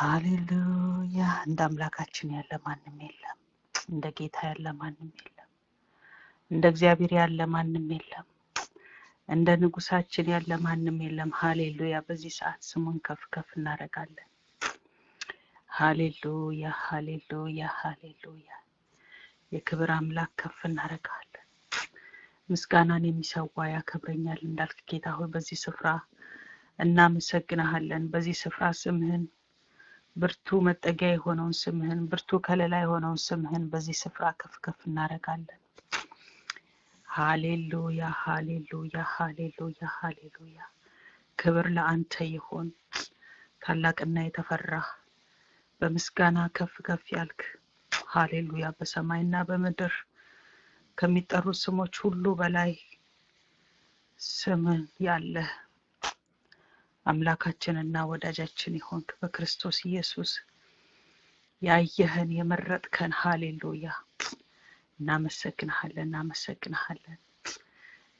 ሃሌሉያ። እንደ አምላካችን ያለ ማንም የለም። እንደ ጌታ ያለ ማንም የለም። እንደ እግዚአብሔር ያለ ማንም የለም። እንደ ንጉሳችን ያለ ማንም የለም። ሃሌሉያ። በዚህ ሰዓት ስሙን ከፍ ከፍ እናደርጋለን። ሃሌሉያ፣ ሃሌሉያ፣ ሃሌሉያ። የክብር አምላክ ከፍ እናደርጋለን። ምስጋናን የሚሰዋ ያከብረኛል እንዳልክ ጌታ ሆይ በዚህ ስፍራ እናመሰግናሃለን። በዚህ ስፍራ ስምህን ብርቱ መጠጊያ የሆነውን ስምህን ብርቱ ከለላ የሆነውን ስምህን በዚህ ስፍራ ከፍ ከፍ እናደርጋለን። ሃሌሉያ፣ ሃሌሉያ፣ ሃሌሉያ፣ ሃሌሉያ። ክብር ለአንተ ይሆን። ታላቅና የተፈራህ በምስጋና ከፍ ከፍ ያልክ ሃሌሉያ። በሰማይና በምድር ከሚጠሩ ስሞች ሁሉ በላይ ስምህ ያለህ አምላካችንና ወዳጃችን የሆንክ በክርስቶስ ኢየሱስ ያየህን የመረጥከን፣ ሀሌሉያ እናመሰግንሃለን፣ እናመሰግንሃለን፣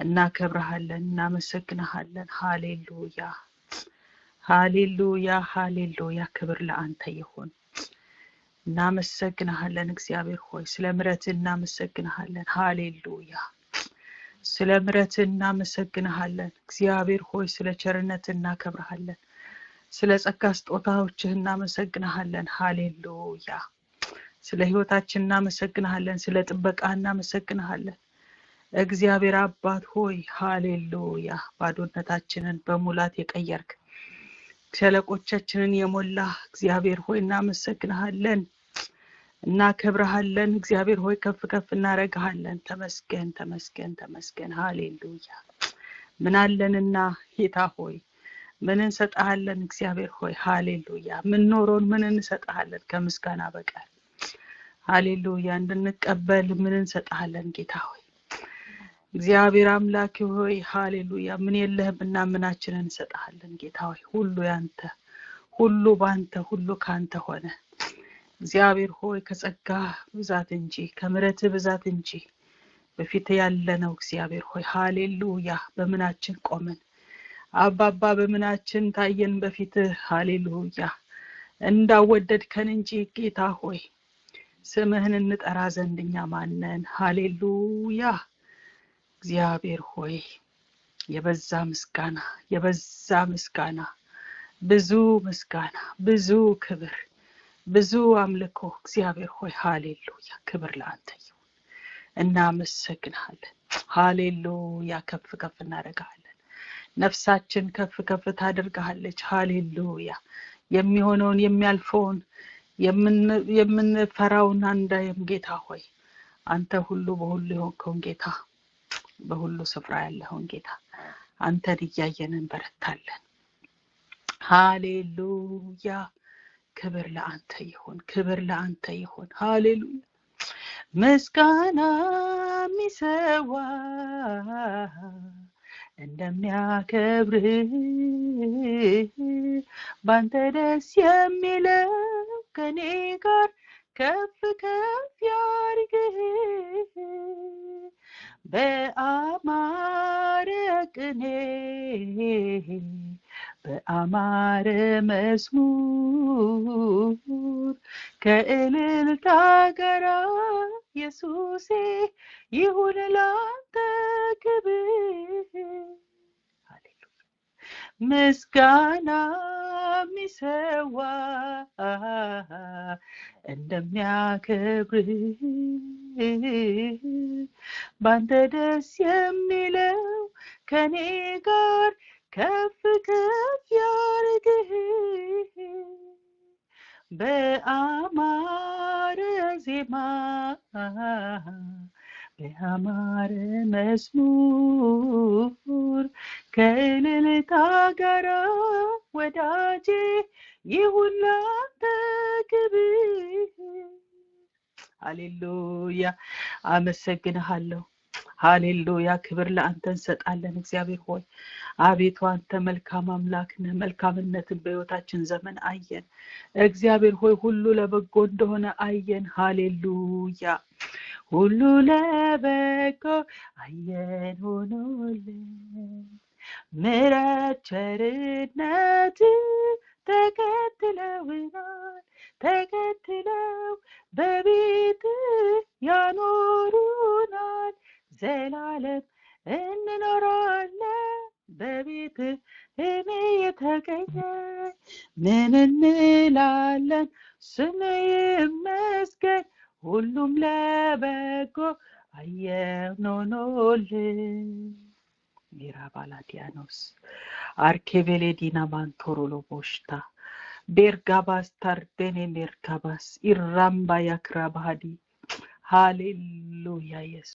እናከብረሃለን፣ እናመሰግንሃለን። ሀሌሉያ ሀሌሉያ ሀሌሉያ። ክብር ለአንተ ይሁን። እናመሰግንሃለን እግዚአብሔር ሆይ ስለ ምረት እናመሰግንሃለን። ሀሌሉያ ስለ ምረት እናመሰግንሃለን። እግዚአብሔር ሆይ ስለ ቸርነት እናከብርሃለን። ስለ ጸጋ ስጦታዎችህ እናመሰግንሃለን። ሃሌሉያ። ስለ ህይወታችን እናመሰግንሃለን። ስለ ጥበቃ እናመሰግንሃለን። እግዚአብሔር አባት ሆይ ሃሌሉያ። ባዶነታችንን በሙላት የቀየርክ ሸለቆቻችንን የሞላ እግዚአብሔር ሆይ እናመሰግንሃለን። እናከብረሃለን። እግዚአብሔር ሆይ ከፍ ከፍ እናረግሃለን። ተመስገን ተመስገን ተመስገን። ሃሌሉያ። ምናለንና ጌታ ሆይ ምን እንሰጠሃለን? እግዚአብሔር ሆይ ሃሌሉያ። ምን ኖሮን ምን እንሰጠሃለን ከምስጋና በቀር? ሃሌሉያ። እንድንቀበል ምን እንሰጣሃለን ጌታ ሆይ እግዚአብሔር አምላክ ሆይ ሃሌሉያ። ምን የለህምና ምናችንን እንሰጣሃለን ጌታ ሆይ ሁሉ ያንተ ሁሉ ባንተ ሁሉ ካንተ ሆነ። እግዚአብሔር ሆይ ከጸጋ ብዛት እንጂ ከምረት ብዛት እንጂ በፊት ያለነው እግዚአብሔር ሆይ ሀሌሉያ በምናችን ቆመን አባባ በምናችን ታየን በፊት ሀሌሉያ እንዳወደድከን እንጂ ጌታ ሆይ ስምህን እንጠራ ዘንድ እኛ ማነን ሀሌሉያ እግዚአብሔር ሆይ የበዛ ምስጋና የበዛ ምስጋና ብዙ ምስጋና ብዙ ክብር ብዙ አምልኮ እግዚአብሔር ሆይ ሀሌሉያ፣ ክብር ለአንተ ይሁን። እናመሰግንሃለን። ሀሌሉያ፣ ከፍ ከፍ እናደርግሃለን። ነፍሳችን ከፍ ከፍ ታደርግሃለች። ሀሌሉያ፣ የሚሆነውን የሚያልፈውን የምንፈራውን አንዳየም ጌታ ሆይ አንተ ሁሉ በሁሉ የሆንከውን ጌታ በሁሉ ስፍራ ያለውን ጌታ አንተን እያየን እንበረታለን። ሃሌሉያ ክብር ለአንተ ይሁን፣ ክብር ለአንተ ይሁን። ሃሌሉያ ምስጋና ሚሰዋ እንደሚያከብር ባንተ ደስ የሚለው ከኔ ጋር ከፍ ከፍ ያርግህ በአማረ ቅኔ በአማረ መዝሙር ከእልልታ ጋራ ኢየሱሴ ይሁን ላንተ ክብር ምስጋና ሚሰዋ እንደሚያከብር ባንተ ደስ የሚለው ከኔ ጋር ከፍ ከፍ ያርግህ በአማረ ዜማ በአማረ መዝሙር ከእልልታ ጋራ ወዳጄ ይሁን ላንተ ክብር። ሃሌሉያ አመሰግንሃለሁ። ሃሌሉያ ክብር ለአንተ እንሰጣለን እግዚአብሔር ሆይ አቤቱ አንተ መልካም አምላክ ነህ መልካምነትን በህይወታችን ዘመን አየን እግዚአብሔር ሆይ ሁሉ ለበጎ እንደሆነ አየን ሃሌሉያ ሁሉ ለበጎ አየን ሆኖልን ምረት ቸርነት ተከትለውናል ተከትለው በቤት ያኖር العالم إن نرى بابيت إمية هكاية من العالم سنة مسكن كلهم لابكو ayer non ole. Mirabaladianos. Arkevele dinaman torulu boşta. Bergabas tardene merkabas. İrramba yakrabhadi. Hallelujah, yes.